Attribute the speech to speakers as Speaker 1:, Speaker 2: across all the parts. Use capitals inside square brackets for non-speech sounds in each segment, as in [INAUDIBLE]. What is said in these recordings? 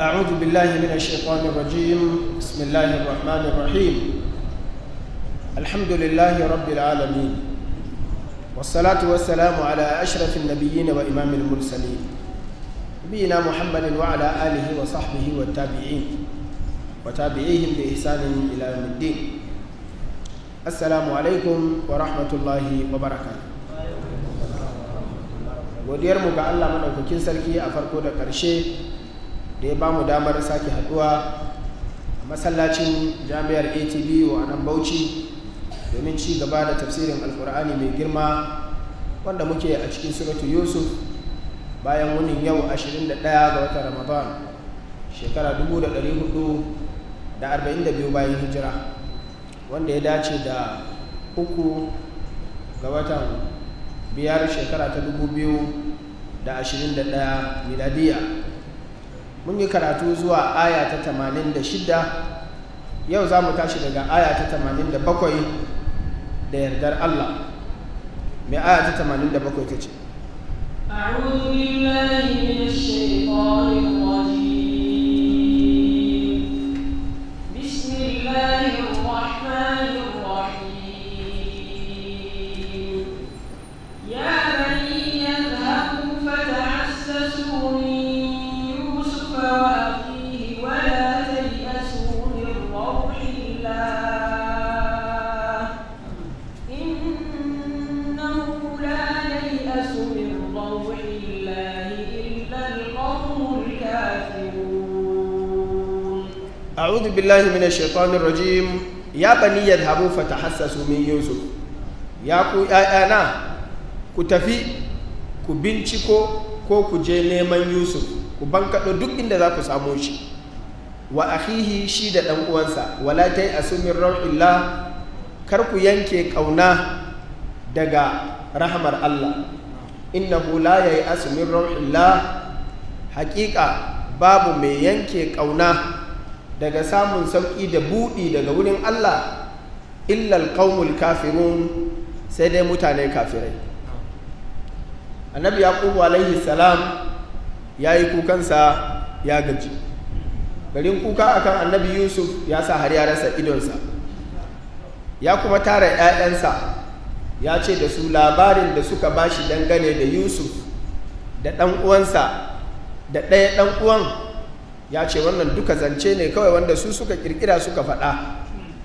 Speaker 1: أعوذ بالله من الشيطان الرجيم بسم الله الرحمن الرحيم الحمد لله رب العالمين والصلاة والسلام على أشرف النبيين وإمام المرسلين نبينا محمد وعلى آله وصحبه والتابعين وتابعيهم بإحسان إلى يوم الدين السلام عليكم ورحمة الله وبركاته ودير ga Allah maɗaukakin sarki a farko da da ya bamu damar sake haduwa a masallacin jami'ar atb wa nan bauchi domin ci gaba da tafsirin alkur'ani mai girma wanda muke a cikin suratu yusuf bayan wunin yau 21 ga watan ramadan shekara 442 bayan hijira wanda ya dace da uku ga watan biyar shekara ta 2021 miladiyya mun yi karatu zuwa aya ta 86 yau za mu tashi daga aya ta 87 da yardar Allah mai aya ta 87 ta ce
Speaker 2: أعوذ بالله من الشيطان الرجيم
Speaker 1: أعوذ بالله ya الشيطان الرجيم يا بني يذهبوا فتحسسوا من ku يا ku tafi ku binciko ko ku je neman yusuf ku bankaɗo duk inda za ku samo shi wa akhihi shi da ɗan uwansa wala ta yi asumin rauhillah kar ku yanke ƙauna daga rahmar Allah innahu la ya yi asumin rauhillah haƙiƙa babu mai yanke ƙauna daga samun sauƙi da buɗi daga wurin Allah illal qaumul kafirun sai dai mutane kafirai annabi yaqub alaihi salam yayi kukansa ya gaji garin kuka akan annabi yusuf ya sa har ya rasa idonsa ya kuma tara 'ya'yansa ya ce da su labarin da suka bashi dangane da yusuf da ɗan uwansa da ɗaya ɗan uwan ya ce wannan duka zance ne kawai wanda su suka kirkira suka faɗa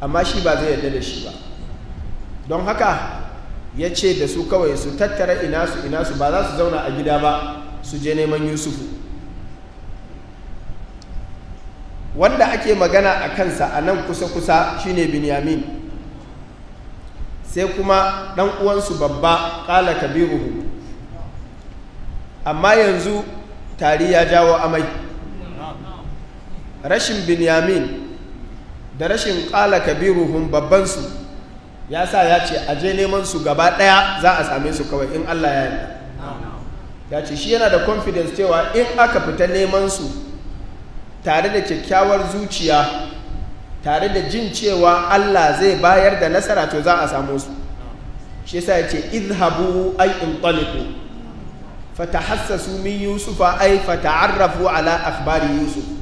Speaker 1: amma shi ba zai yarda da shi ba don haka ya ce da su kawai su tattara ina su ina su ba za su zauna a gida ba su je neman yusufu wanda ake magana a kansa a nan kusa-kusa shine binyamin sai kuma ɗan uwansu babba ƙala Kabiru amma yanzu tari ya jawo amai rashin binyamin da rashin ƙala kabiruhun babbansu ya sa ya ce aje neman su gaba ɗaya za a same su kawai in Allah ya yi ya ce shi yana da confidence cewa in aka fita neman su tare da kyakkyawar zuciya tare da jin cewa Allah zai bayar da nasara to za a samu su shi sa ya ce izhabu ay fata hassasu min yusufa ay arrafu ala akbari yusuf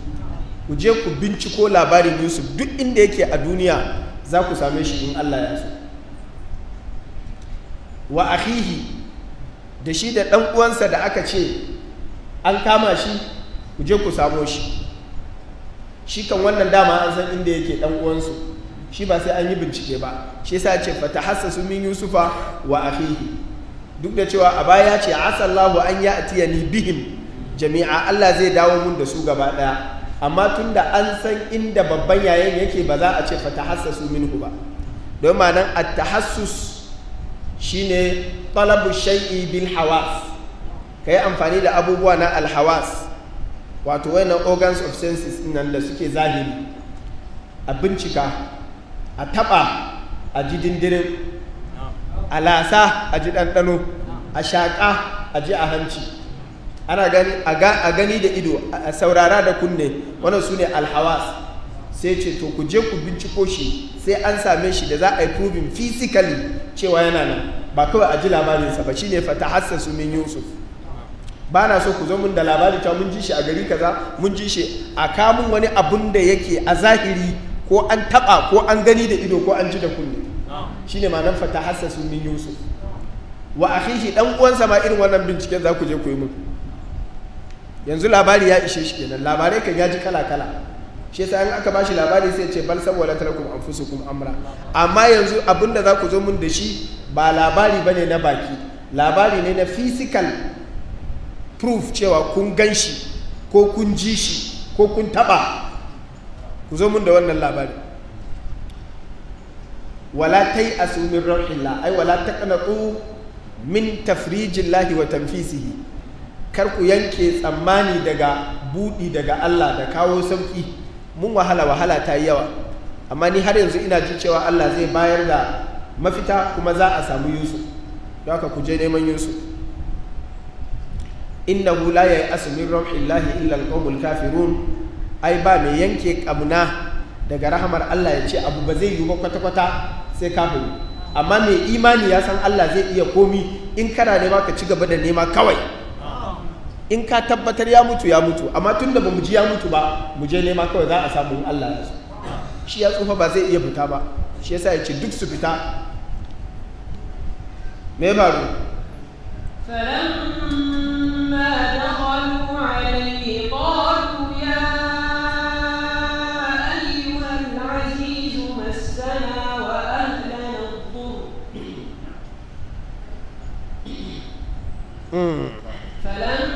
Speaker 1: ku je ku binciko labarin yusuf duk inda yake a duniya za ku same shi in allah ya so wa ahihi da shi da uwansa da aka ce an kama shi ku je ku samo shi shi kan wannan dama an san inda yake dan uwansu shi ba sai an yi bincike ba shi sa ce fata hassasu min yusufa wa ahihi duk da cewa a baya ce asallahu an ya ni bihim jami'a allah zai dawo mun da su gaba ɗaya amma tun da an san inda babban yayin yake ba za a ce hassasu minhu ba don ta hassus shi shine talabu shaii bil hawas yi amfani da abubuwa na alhawas wato wayannan organs of senses nan da suke zahiri a bincika a taba a ji dindirin a lasa a ji ɗanɗano a shaƙa a ji a hanci ana gani a gani da ido a saurara da kunne wannan su ne alhawas sai ce to ku je ku binciko shi sai an same shi da za a yi proving physically cewa yana nan ba kawai a ji labarinsa ba shi ne fata su min yusuf ba na so ku zo mun da labari ta mun ji shi a gari kaza mun ji shi a kamun wani abun da yake a zahiri ko an taba ko an gani da ido ko an ji da kunne Shi ne ma'anar fata su min yusuf wa akhihi dan uwansa ma irin wannan binciken za ku je ku yi mun yanzu labari ya ishe shi kenan labarai kan ya ji kala kala shi yasa in aka bashi labari sai ce bal saboda talakum anfusukum amra amma yanzu da za ku zo mun da shi ba labari bane na baki labari ne na physical proof cewa kun gan shi ko kun ji shi ko kun taba ku zo mun da wannan labari wala tai asu min ai wala taqnatu min tafrijillahi wa tanfisihi kar ku yanke tsammani daga buɗi daga Allah da kawo sauƙi mun wahala wahala ta yi yawa amma ni har yanzu ina jin cewa Allah zai bayar da mafita kuma za a samu Yusuf don haka ku je neman Yusuf innahu la ya'asu min lahi illa al kafirun ai ba mai yanke kamna daga rahamar Allah ya ce abu ba zai yi ba kwata-kwata sai kafin amma mai imani ya san Allah zai iya komi in kana nema ka ci gaba da nema kawai in ka tabbatar ya mutu ya mutu amma tun da ba mu ji ya mutu ba mu je nema kawai za a samu Allah ya so shi ya tsufa ba zai iya fita ba shi yasa ya ce duk su fita me faru
Speaker 2: فلما دخلوا عليه قالوا يا hmm. فلما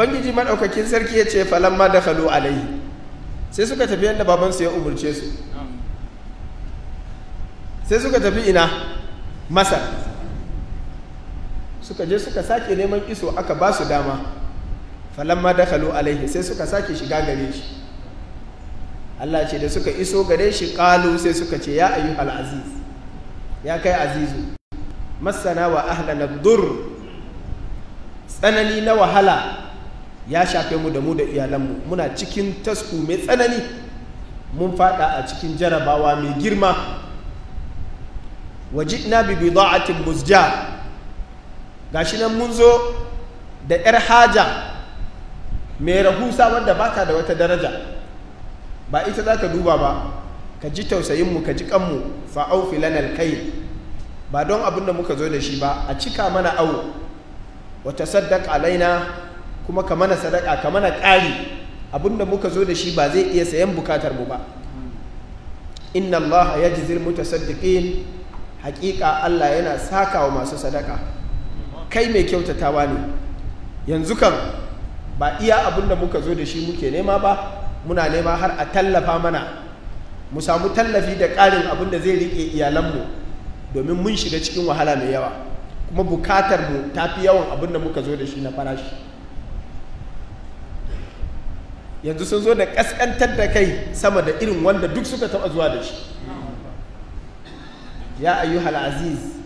Speaker 1: ubangiji maɗaukakin sarki ya ce ma da halu alayi sai suka tafi yadda babansu ya umarce su sai suka tafi ina masar suka je suka sake neman iso aka ba su dama ma da halu alayi sai suka sake shiga gare shi Allah ce da suka iso gare shi ƙalu sai suka ce ya ayyu al'aziz ya kai azizu masana wa ahlana dur tsanani na wahala ya shafe mu da mu da iyalanmu muna cikin tasku mai tsanani mun fada a cikin jarabawa mai girma wajidna bi musja ga shi nan mun zo da yar haja mai rahusa wanda bata da wata daraja ba ita za ka duba ba ka ji tausayinmu ka ji kanmu fa'au filanar kai ba don abin da muka zo da shi ba a cika mana awo wata saddak alaina kuma ka mana sadaka ka mana ƙari abinda muka zo da shi ba zai iya sayan bukatar mu ba inna Allah ya jizir saddiƙin haƙiƙa Allah yana sakawa masu sadaka kai mai kyautatawa ne yanzu kan ba iya abinda muka zo da shi muke nema ba muna nema har a tallafa mana mu samu tallafi da ƙarin abinda zai riƙe iyalanmu domin mun shiga cikin wahala mai yawa kuma bukatar mu ta fi yawan abinda muka zo da shi na farashi yanzu sun zo da kaskantar da kai sama da irin wanda duk suka taba zuwa da shi ya ayyuhal aziz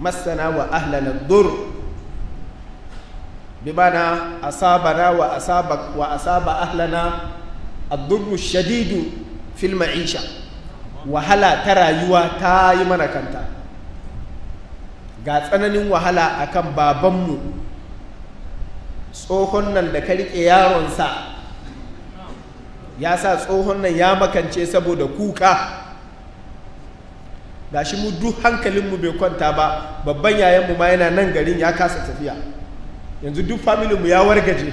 Speaker 1: masana wa ahlana dur bimana asabana wa asaba wa asaba ahlana ad-durru shadidu fil ma'isha wahala ta rayuwa ta yi mana kanta ga tsananin wahala akan babanmu tsohon nan da ka yaron sa. ya sa tsohon nan ya makance saboda kuka shi mu duk hankalinmu bai kwanta ba babban yayanmu ma yana nan garin ya kasa tafiya yanzu duk familinmu ya wargaje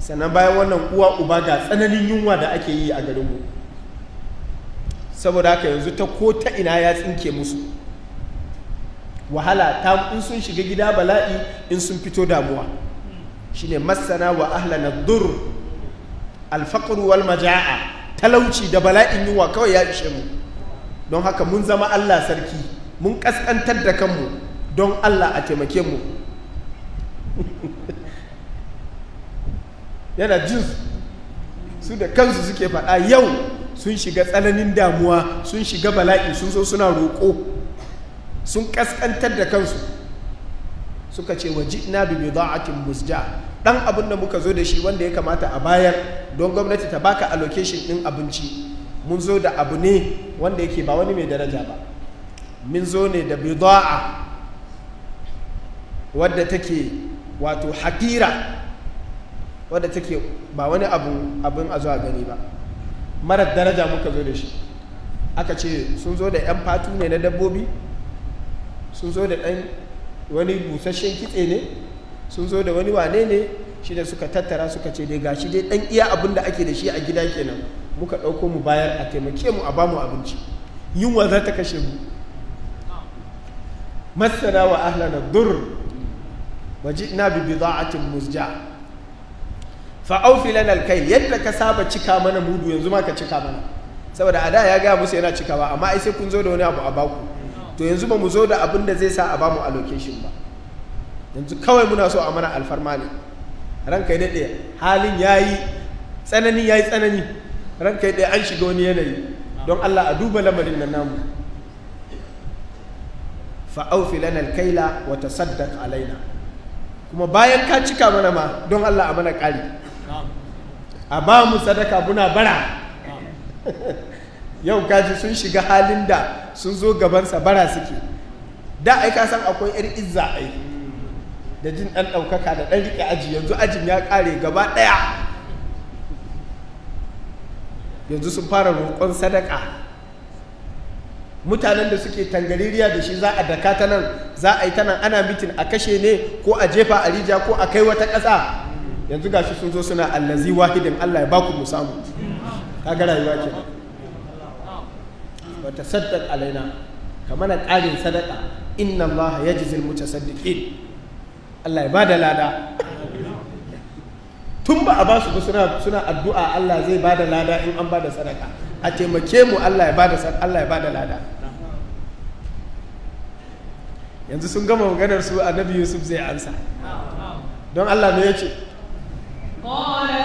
Speaker 1: sannan bayan wannan uwa uba ga tsananin yunwa da ake yi a garinmu saboda haka yanzu ta ko ta ina ya tsinke musu wahala ta in sun shiga gida bala'i in sun fito damuwa shine masana wa ahlana dur alfaqru wal majaa talauci da bala'in yunwa kawai ya ishe mu don haka mun zama Allah sarki mun kaskantar da kanmu don Allah a taimake mu [LAUGHS] yana jin su da kansu suke faɗa yau sun shiga tsananin damuwa sun shiga bala'i sun so suna roƙo sun kaskantar da kansu suka ce waje na bi bida'atin musja dan abin da muka zo da shi wanda ya kamata a bayar don gwamnati ta baka allocation din abinci mun zo da abu ne wanda yake ba wani mai daraja ba mun zo ne da bida'a wadda take wato hakira wadda take ba wani abu abin a zuwa gani ba marar daraja muka zo da shi aka ce sun zo da 'yan fatu ne na dabbobi sun zo da dan wani busasshen kitse ne sun zo da wani wane ne shi da suka tattara suka ce dai gashi dai dan iya abin da ake da shi a gida kenan muka ɗauko mu bayar a taimake mu a ba mu abinci yunwa za ta kashe mu masana wa ahlana dur Waje ina bi bida'atin musja fa aufi lana alkayl yadda ka saba cika mana mudu yanzu ma ka cika mana saboda a da ya gaya musu yana cikawa amma ai sai kun zo da wani abu a baku to yanzu ba mu zo da abin da zai sa a bamu allocation ba yanzu kawai muna so a mana alfarma ne ranka yi daɗe halin ya yi tsanani ya yi tsanani ranka yi daɗe an shiga wani yanayi don allah a duba lamarin na namu fa'aufi lanar kaila wata saddak alaina kuma bayan ka cika mana ma don allah a mana ƙari a ba mu sadaka muna bara [LAUGHS] yau kaji sun shiga halin da sun zo gabansa bara suke da aika san akwai 'yar izza aiki da jin ɗan ɗaukaka da ɗan riƙe aji yanzu ajin ya ƙare gaba ɗaya yanzu sun fara roƙon sadaka mutanen da suke tangaririya da shi za a daka ta nan za a yi ta nan ana mitin a kashe ne ko a jefa a rija ko a kai wata ƙasa yanzu ga shi sun zo suna allazi wahidin allah ya baku mu samu ga rayuwa ke wata saddaq alaina kamar ƙarin sadaka inna ya jizil mutasaddiqin Allah ya ba da lada tun ba a ba su suna addu'a Allah zai ba da lada in an ba da sadaka a taimake mu Allah ya ba da lada yanzu sun gama maganar su annabi Yusuf zai ansa don Allah ne yace ce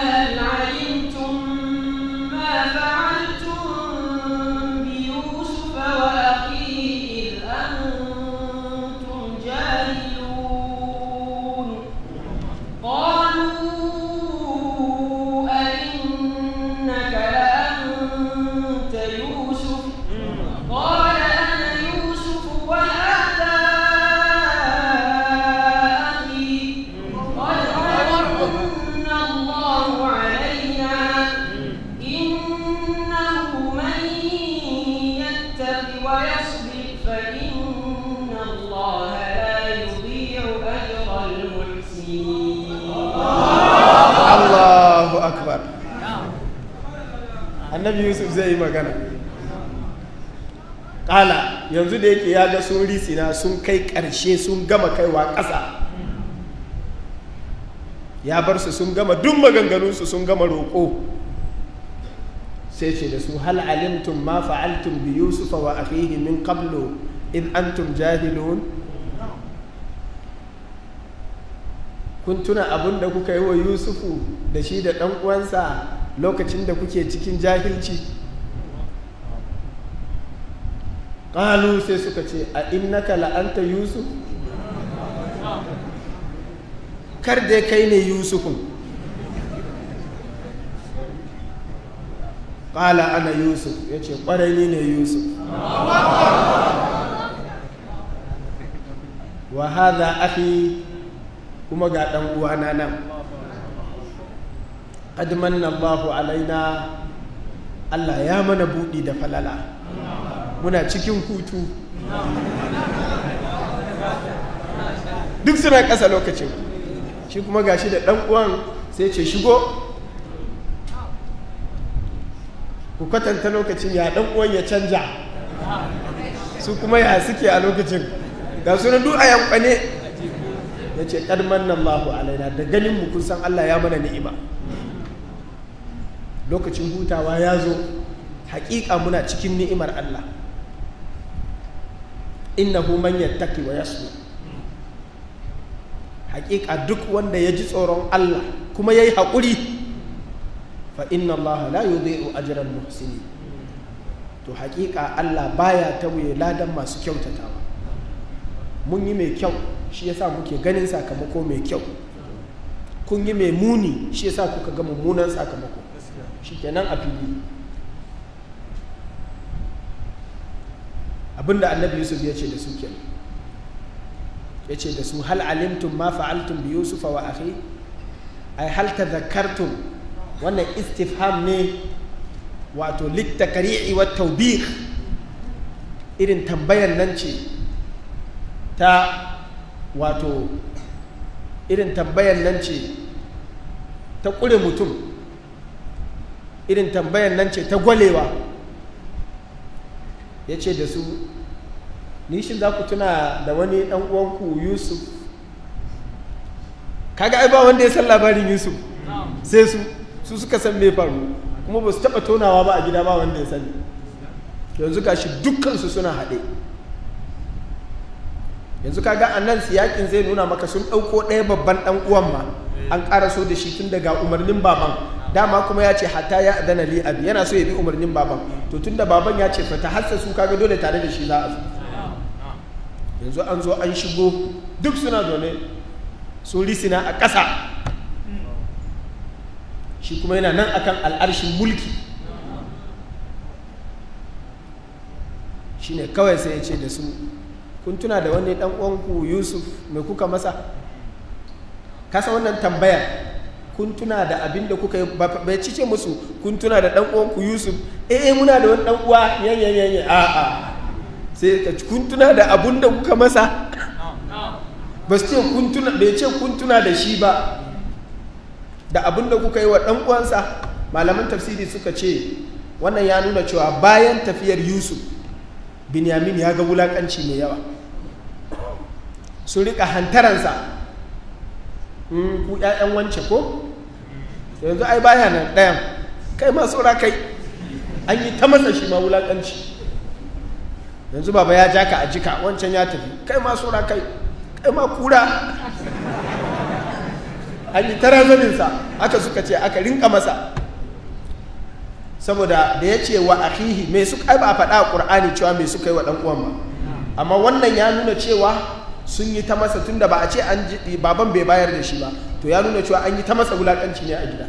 Speaker 1: annabi yusuf zai yi magana ƙala yanzu da yake ya ga sun ritsina sun kai ƙarshe sun gama kaiwa ƙasa ya bar su sun gama duk maganganunsu sun gama roƙo sai ce da su hal alimtum ma fa'altum bi yusufa wa akhihi min qablu in antum jahilun kun tuna abun da kuka yi wa yusufu da shi da ɗan uwansa lokacin da kuke cikin jahilci ƙalu sai suka ce a innaka la'anta yusuf kar dai kai ne yusufun ƙala ana yusuf ya ce ƙwarai ne yusuf wa haza afi kuma ga ɗan uwa na nan qad manna Allahu alaina Allah ya mana buɗi da falala muna cikin hutu duk suna ƙasa lokacin shi kuma gashi da dan uwan sai ce shigo ku kwatanta lokacin ya dan uwan ya canja su kuma ya suke a lokacin ga sunan duk a yankwane ya ce ƙarman nan mahu alaina da ganin mu kun san Allah ya mana ni'ima lokacin hutawa ya zo hakika muna cikin ni'imar Allah hu man yattaqi wa yasu. hakika duk wanda ya ji tsoron Allah kuma yayi hakuri fa inna Allah la yudhi'u ajran muhsini to hakika Allah baya tauye ladan masu kyautatawa mun yi mai kyau shi yasa muke ganin sakamako mai kyau kun yi mai muni shi yasa kuka ga mummunan sakamako shikenan a fili abinda annabi yusuf ya ce da su kenan ya ce da su hal alimtum ma fa'altum bi yusuf wa akhi ai hal tadhakkartum wannan istifham ne wato littakari'i wa irin tambayar nan ce ta wato irin tambayar nan ce ta ƙure mutum irin tambayan nan ce ta gwalewa ya ce da su nishin za ku tuna da wani ɗan uwanku yusuf kaga ai ba wanda ya san labarin yusuf sai su su suka san mai faru kuma ba su taɓa tonawa ba a gida ba wanda ya sani yanzu ga shi dukkansu suna haɗe yanzu kaga a nan siyakin zai nuna maka sun ɗauko ɗaya babban ɗan uwan ma an ƙara so da shi tun daga umarnin baban dama kuma ya ce hatta ya adana li abi yana so ya bi umarnin baban to tunda baban ya ce fata hassa su kaga dole tare da shi za a zo yanzu an zo an shigo duk suna zaune su risina a ƙasa shi kuma yana nan akan al'arshin mulki shine kawai sai ya ce da su kun tuna da wani dan uwanku Yusuf mai kuka masa kasa wannan tambayar kun tuna da abin da kuka yi bai cice musu kun tuna da dan uwanku Yusuf eh muna da wani dan uwa yan yan a a sai ka kun tuna da abin da kuka masa ba su ce kun tuna bai ce kun tuna da shi ba da abin da kuka yi wa dan uwansa malaman tafsiri suka ce wannan ya nuna cewa bayan tafiyar Yusuf Binyamin ya ga wulakanci mai yawa sun rika hantaransa hmm, ku 'ya'yan wance ko yanzu ai baya nan ɗayan kai ma saura kai an yi ta masa shi ma wulaƙanci yanzu baba ya ja ka a jika wancan ya tafi kai ma saura kai kai ma kura an yi tara zaninsa aka suka ce aka rinka masa saboda da ya ce wa akihi mai su ba a faɗa a ƙur'ani cewa mai su kai wa ɗan'uwan ba amma wannan ya nuna cewa sun yi ta masa tunda ba a ce an baban bai bayar da shi ba to ya nuna cewa an yi ta masa wulaƙanci ne a gida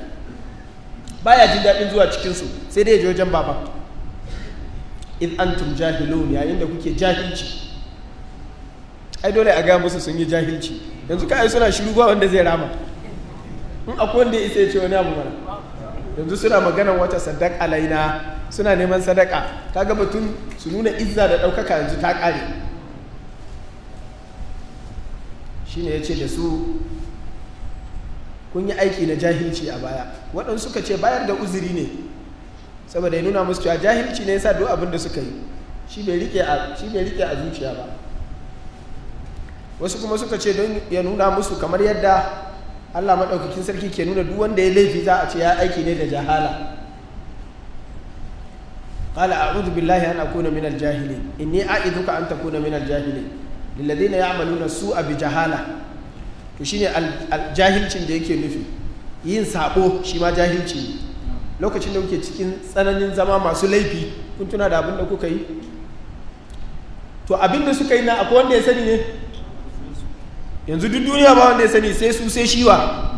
Speaker 1: Ba ya jin daɗin zuwa cikinsu sai dai ya je wajen baba in antum jahilun yayin da kuke jahilci ai dole a gaya musu sun yi jahilci yanzu kai suna shiru ba wanda zai rama in akwai wanda ya isa ya ce wani abu mana yanzu suna maganan wata sadaka laina, suna neman sadaka Ta gaba batun su nuna izza da ɗaukaka yanzu ta ƙare Shi ne ya ce da su kun yi aiki na jahilci a baya waɗansu suka ce bayar da uzuri ne saboda ya nuna musu cewa jahilci ne yasa duk abin da suka yi shi bai rike a zuciya ba wasu kuma suka ce don ya nuna musu kamar yadda Allah maɗaukakin sarki ke nuna duk wanda ya laifi za a ce ya aiki ne da jahala قال أعوذ بالله أن أكون من الجاهلين إني jahili أن تكون من الجاهلين للذين يعملون السوء jahala. to ne jahilcin da yake nufi yin sabo shi ma jahilci ne lokacin da kuke cikin tsananin zama masu laifi kun tuna da abin da kuka yi to abin da suka yi na akwai wanda ya sani ne yanzu duk duniya ba wanda ya sani sai su sai shiwa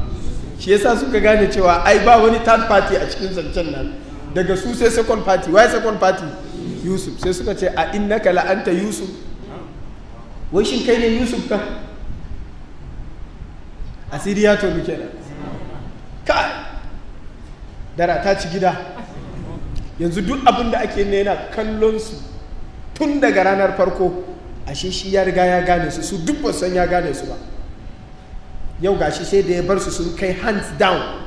Speaker 1: shi yasa suka gane cewa ai ba wani third party a cikin zancen nan daga su sai second party why second party yusuf sai suka ce a innaka la'anta yusuf wai shin kai ne yusuf kan asiri ya tobi kenan ka dara ta ci gida yanzu duk abin da ake nena yana kallon su tun daga ranar farko ashe shi ya riga ya gane su su duk wasan ya gane su ba yau gashi sai da ya bar su sun kai hands down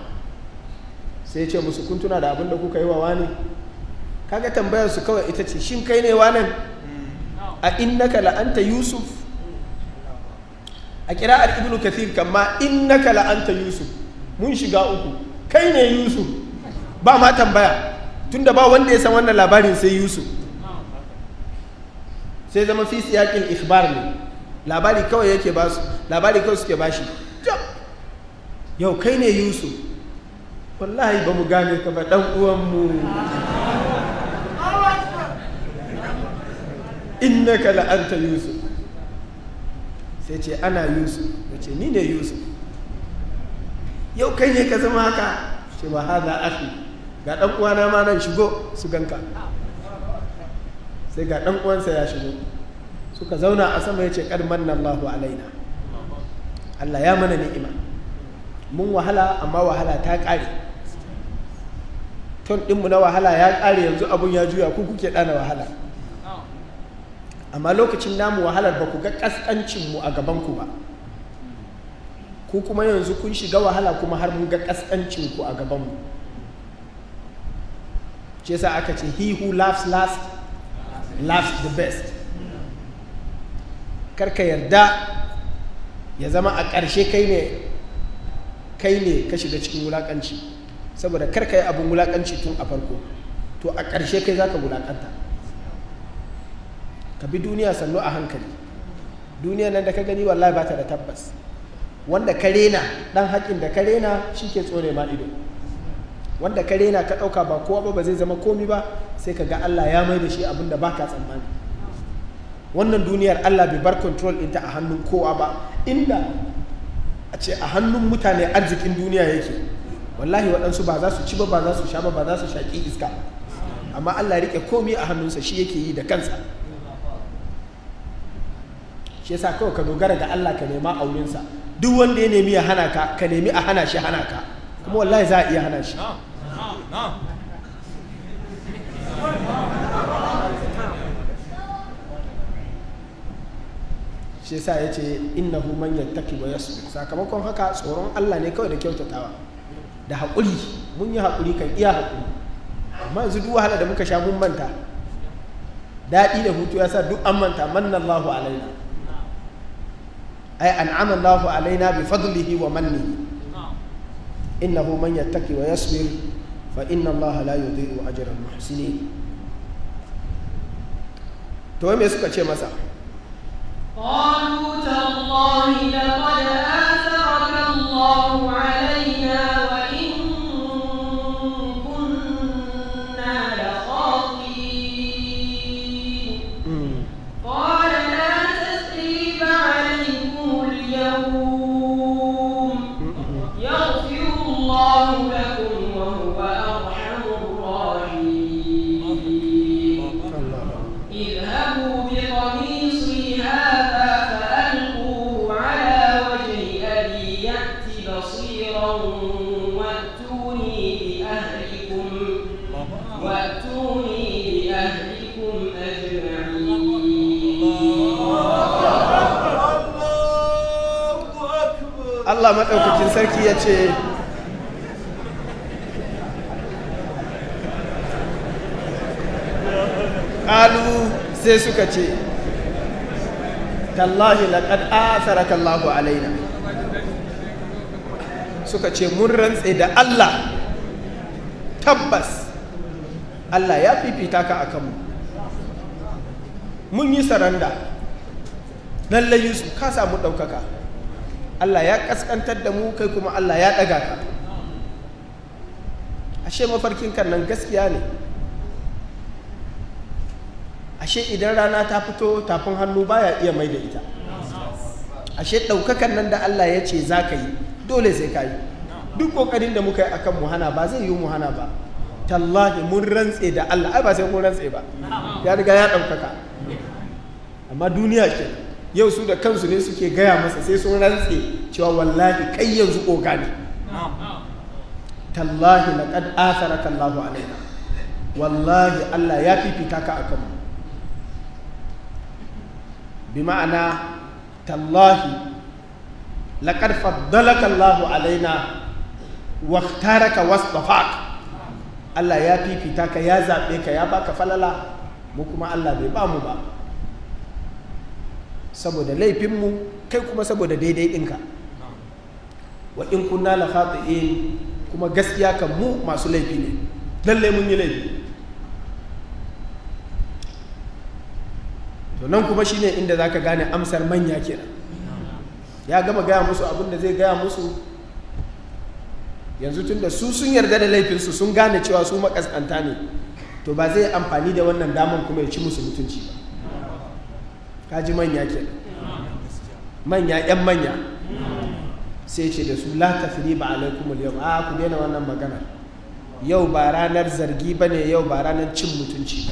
Speaker 1: sai ya ce musu kun tuna da abin da kuka yi wa wani kaga tambayar su kawai ita ce shin kai ne wanan a innaka la'anta yusuf a kira'ar ibnu kathir kamma innaka la anta yusuf mun shiga uku kai ne yusuf ba ma tambaya tunda ba wanda ya san wannan labarin sai yusuf sai zama fi siyakin ikhbar ne labari kawai yake ba su labari kawai suke ba shi yau kai ne yusuf wallahi ba mu gane ka ba dan mu innaka la anta yusuf sai ce ana yusuf ya ce ni ne yusuf yau kai ne ka zama haka ce ba haza afi ga ɗan uwana ma nan shigo su ganka sai ga ɗan uwansa ya shigo suka zauna a sama ya ce kad manna Allahu alaina Allah ya mana ni'ima mun wahala amma wahala ta ƙare ton ɗinmu na wahala ya ƙare yanzu abun ya juya ku kuke ɗana wahala amma lokacin namu wahalar ba ku ga mu a gabanku ba ku kuma yanzu kun shiga wahala kuma har mun ga ku a gabanmu ce sa aka ce he who laughs last laughs the best karka yarda ya zama a ƙarshe kai ne kai ne ka shiga cikin wulaƙanci saboda karka yi abin wulaƙanci tun a farko to a ƙarshe kai za ka wulaƙanta ka bi duniya sannu a hankali duniya nan da ka gani wallahi ba ta da tabbas wanda ka rena dan haƙin da ka rena shi ke tsore ma ido wanda ka rena ka ɗauka ba kowa ba ba zai zama komi ba sai ka ga Allah ya mai da shi abin da ka tsammani wannan duniyar Allah bai bar control ɗinta a hannun kowa ba inda a ce a hannun mutane arzikin duniya yake wallahi waɗansu ba za su ci ba ba za su sha ba ba za su shaƙi iska amma Allah ya rike komi a hannunsa shi yake yi da kansa shi yasa kawai ka dogara ga Allah ka nema a wurinsa duk wanda ya nemi ya hana ka ka nemi a hana shi hana ka kuma wallahi za a iya hana shi shi yasa ya ce innahu man yattaqi wa yasbu sakamakon haka tsoron Allah ne kawai da kyautatawa da haƙuri mun yi haƙuri kan iya haƙuri amma yanzu duk wahala da muka sha mun manta daɗi da hutu ya sa duk an manta manna Allahu alaina أي أنعم الله علينا بفضله ومنه إنه من يتقي ويصبر فإن الله لا يضيع أجر المحسنين توم مسكا مسا قالوا تالله لقد آثرك الله علينا Allah maɗaukakin sarki ya ce ƙalu sai suka ce tallahi laƙad asara kallahu alaina suka ce mun rantse da Allah tabbas Allah ya fifita ka a kanmu mun yi saranda lallai yusuf ka samu ɗaukaka Allah ya kaskantar da mu kai kuma Allah ya ɗaga ka ashe mafarkin kan nan gaskiya ne ashe idan rana ta fito tafin hannu baya iya mai da ita ashe ɗaukakan nan da Allah ya ce za ka yi dole sai ka duk ƙoƙarin da muka yi a kan muhana ba zai yi muhana ba tallahi mun rantse da Allah ai ba sai mun rantse ba ya riga ya ɗaukaka amma duniya ce yau su da kansu ne suke gaya masa sai sun rantse cewa wallahi kai yanzu oga ne tallahi laqad atharaka Allahu alaina wallahi Allah ya fifita ka akan mu bi ma'ana tallahi laqad faddalaka Allahu alaina wa ikhtaraka wasdafak Allah ya fifita ka ya zaɓe ka ya baka falala mu kuma Allah bai ba mu ba saboda laifinmu kai kuma saboda daidai ɗinka wa in kunna la khati'in kuma gaskiya kan mu masu laifi ne lallai mun yi laifi to nan kuma shine inda zaka gane amsar manya kenan ya gama gaya musu abin da zai gaya musu yanzu tun da su sun yarda da laifinsu sun gane cewa su makasanta ne to ba zai amfani da wannan daman kuma ya ci musu mutunci ba kaji manya ke manya yan manya sai ce da su la kafiri ba alaikum a ku daina wannan magana yau ba ranar zargi ba ne yau ba ranar cin mutunci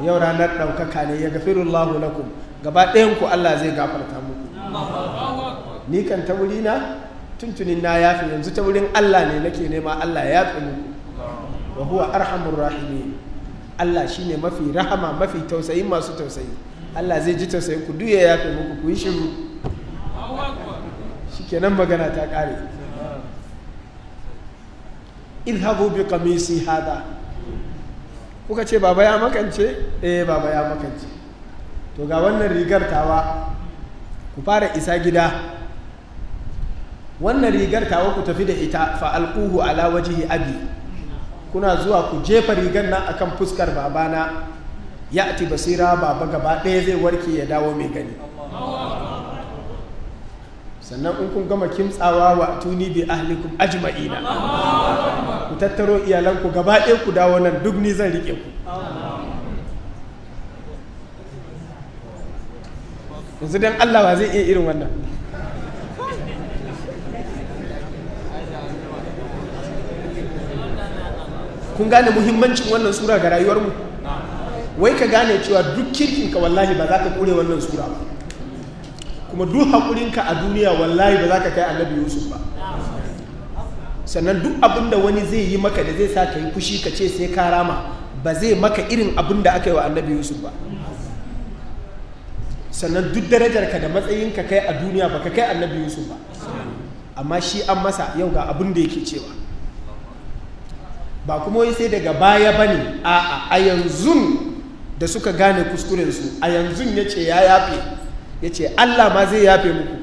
Speaker 1: yau ranar ɗaukaka ne ya gafirullahu lakum gaba ɗayan ku Allah zai gafarta muku ni kan ta wuri na tuntunin na yafi yanzu ta wurin Allah ne nake nema Allah ya fi muku wa huwa arhamur Allah shi ne mafi rahama mafi tausayi masu tausayi Allah zai ji tausayi ku duya ya fi muku ku yi shiru shikenan magana ta kare hagu bi qamisi hada kuka ce baba ya makance eh baba ya makance to ga wannan rigar tawa ku fara isa gida wannan rigar tawa ku tafi da ita fa alquhu ala wajhi abi kuna zuwa ku jefa rigar nan akan fuskar babana ya ati basira baba gaba ɗaya zai warke ya dawo mai gani sannan in kun gama kimtsawa wa tuni bi ahlikum ajma'ina ku tattaro iyalanku gaba ɗaya ku dawo nan duk ni zan rike ku yanzu dan Allah ba zai iya irin wannan kun gane muhimmancin wannan sura ga mu wai ka gane cewa duk kirkin ka wallahi ba za ka kure wannan sura ba kuma duk hakurin ka a duniya wallahi ba za ka kai annabi yusuf ba sannan duk abin da wani zai yi maka da zai sa ka yi fushi ka ce sai ka rama ba zai maka irin abin da aka yi wa annabi yusuf ba sannan duk darajarka da matsayin ka kai a duniya ba ka kai annabi yusuf ba amma shi an masa yau ga abin da yake cewa ba kuma wai sai daga baya ba ne a a yanzu da suka gane kuskurensu a yanzu ya ce ya yafe ya ce allah ma zai yafe muku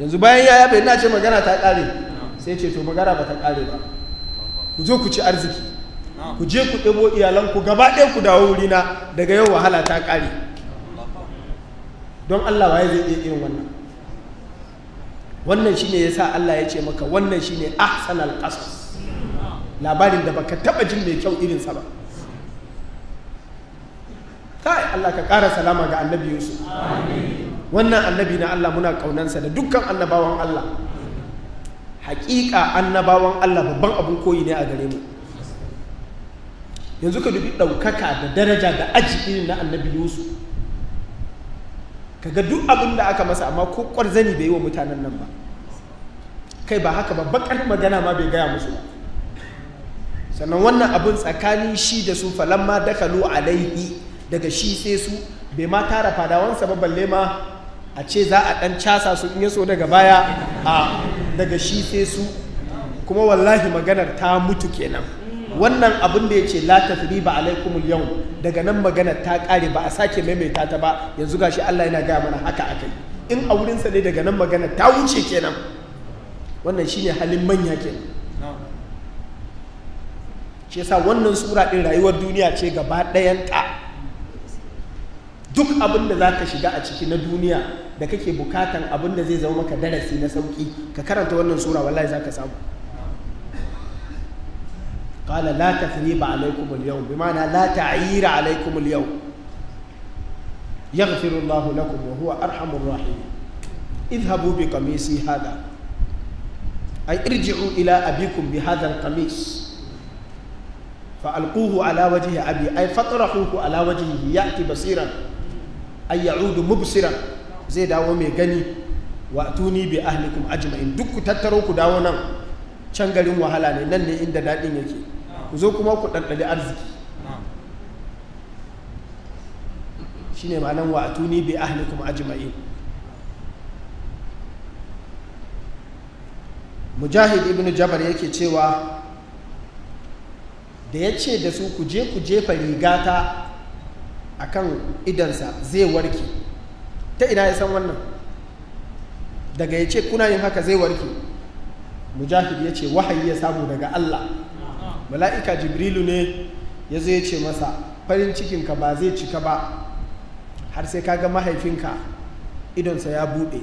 Speaker 1: yanzu bayan ya yafe ina ce magana ta kare sai ce to magana ba ta kare ba ku zo ku ci arziki ku je ku ɗebo iyalanku gaba ɗaya ku dawo wurina daga yau wahala ta kare don allah waye zai iya irin wannan wannan shine yasa allah ya ce maka wannan shine ahsanal qasas labarin da baka taba jin mai kyau irinsa ba kai Allah ka ƙara salama ga annabi Yusuf wannan annabi na Allah muna kaunansa da dukkan annabawan Allah hakika annabawan Allah babban abun koyi ne a gare mu yanzu ka dubi ɗaukaka da daraja da aji irin na annabi Yusuf kaga duk abin da aka masa amma ko ƙwarzani bai yi wa mutanen nan ba kai ba haka ba bakar magana ma bai gaya musu ba sannan wannan abun tsakanin shi da su falamma dakalu alaihi daga shi sai su bai ma tara fadawansa ba balle ma a ce za a ɗan casa su in yaso daga baya a daga shi sai su kuma wallahi maganar ta mutu kenan wannan abin da ya ce la ba alaikum yau daga nan maganar ta kare ba a sake maimaita ta ba yanzu gashi Allah yana gaya mana haka a kai in a wurinsa ne daga nan maganar ta wuce kenan wannan shine halin manya kenan ce sa wannan sura ɗin rayuwar duniya ce gaba ɗayanta duk abinda zaka shiga a ciki na duniya da kake bukatan abinda zai zama maka darasi na sauki ka karanta wannan tsura wallahi za ka samu ƙala la ta fi ba alaikumul yau bi mana la ta ayira alaikumul yau ya ga firin lahu na kuma huwa arhamun rahim idhabu bi kamisi hada ay irji'u ila abikum bi hadal kamis fa alquhu ala wajhi abi ay fatrahuhu ala wajhi basiran ay ya'udu zai dawo mai gani wa tuni bi ahlikum ajma'in duk ku tattaro ku dawo nan can garin wahala ne nan ne inda daɗin yake ku zo kuma ku ɗanɗani arziki shine ma'anan wa tuni bi ahlikum ajma'in mujahid ibn jabar yake cewa da ya ce da su ku je ku jefa rigata a kan idansa zai warke ta ina ya san wannan daga ya ce kuna yin haka zai warke mujahid ya ce wahayi ya samu daga allah mala'ika jibrilu ne ya zo ce masa farin cikinka ba zai cika ba har sai ka ga mahaifinka idonsa ya buɗe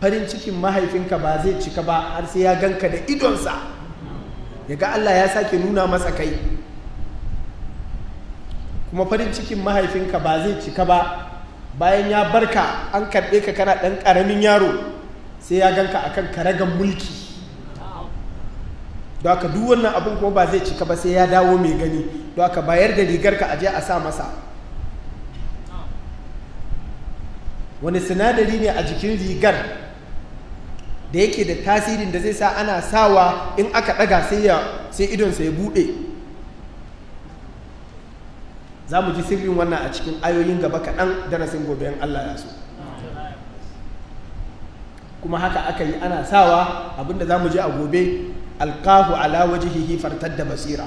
Speaker 1: farin cikin mahaifinka ba zai cika ba har sai ya ganka da idonsa ya ga Allah ya sake nuna masa kai kuma farin cikin mahaifinka ba zai cika ba bayan ya barka an karɓe ka kana ɗan ƙaramin yaro sai ya ganka akan karagan mulki don haka duk wannan abin kuma ba zai cika ba sai ya dawo mai gani don haka bayar da rigarka aje a sa masa wani sinadari ne a jikin rigar da yake da tasirin da zai sa ana sawa in aka daga sai ya sai idonsa ya buɗe za mu ji sirrin wannan a cikin ayoyin gaba kaɗan darasin gobe in Allah ya so kuma haka aka yi ana sawa abinda za mu ji a gobe alkahu ala wajihihi fartar da basira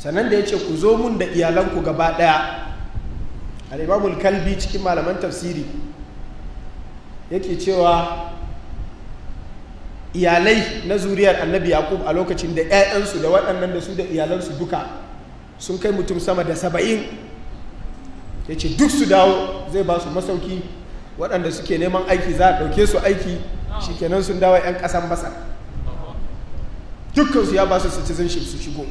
Speaker 1: sannan da ya ce ku zo mun da iyalanku gaba ɗaya al'imamul kalbi cikin malaman tafsiri yake cewa iyalai na zuriyar annabi yaqub a lokacin da 'ya'yansu da waɗannan da su da iyalansu duka sun kai mutum sama da saba'in ya ce duk su dawo zai ba su masauki waɗanda suke neman aiki za a ɗauke su aiki shikenan sun dawo 'yan ƙasan masar su ya ba su citizenship su shigo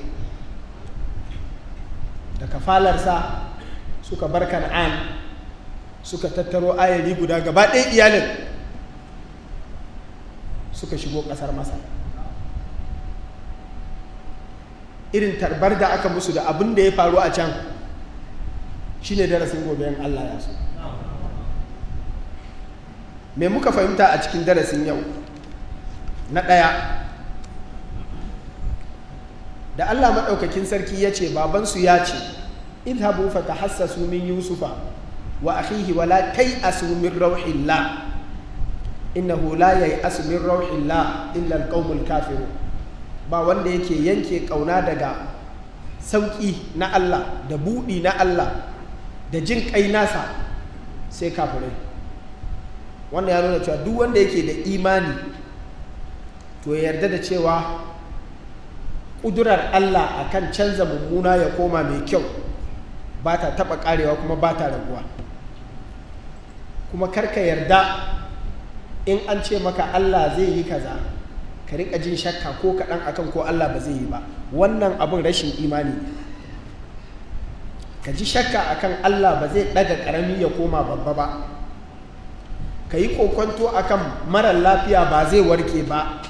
Speaker 1: da kafalarsa suka bar kan'an suka tattaro ayari guda gaba ɗaya iyalin suka shigo ƙasar masar irin tarbar da aka musu da abin da ya faru a can shine darasin gobe allah ya so me muka fahimta a cikin darasin yau na ɗaya da allah maɗaukakin sarki ya ce babansu ya ce ta fatahassasu min yusufa wa akhihi wa la tayasu min rauhillah innahu la yayasu min rauhillah illa alqaumul kafirun ba wanda yake yanke kauna daga sauƙi na Allah da budi na Allah da jin kai nasa sai kafirai Wanda ya nuna cewa duk wanda yake da imani to ya yarda da cewa ƙudurar Allah akan canza mummuna ya koma mai kyau ba ta taɓa ƙarewa kuma ba ta raguwa kuma karka yarda in an ce maka Allah zai yi kaza ka riƙa jin shakka ko kaɗan akan ko Allah ba zai yi ba wannan abin rashin imani ka ji shakka akan Allah ba zai ɗaga ƙarami ya koma babba ba ka yi kokonto akan mara lafiya ba zai warke ba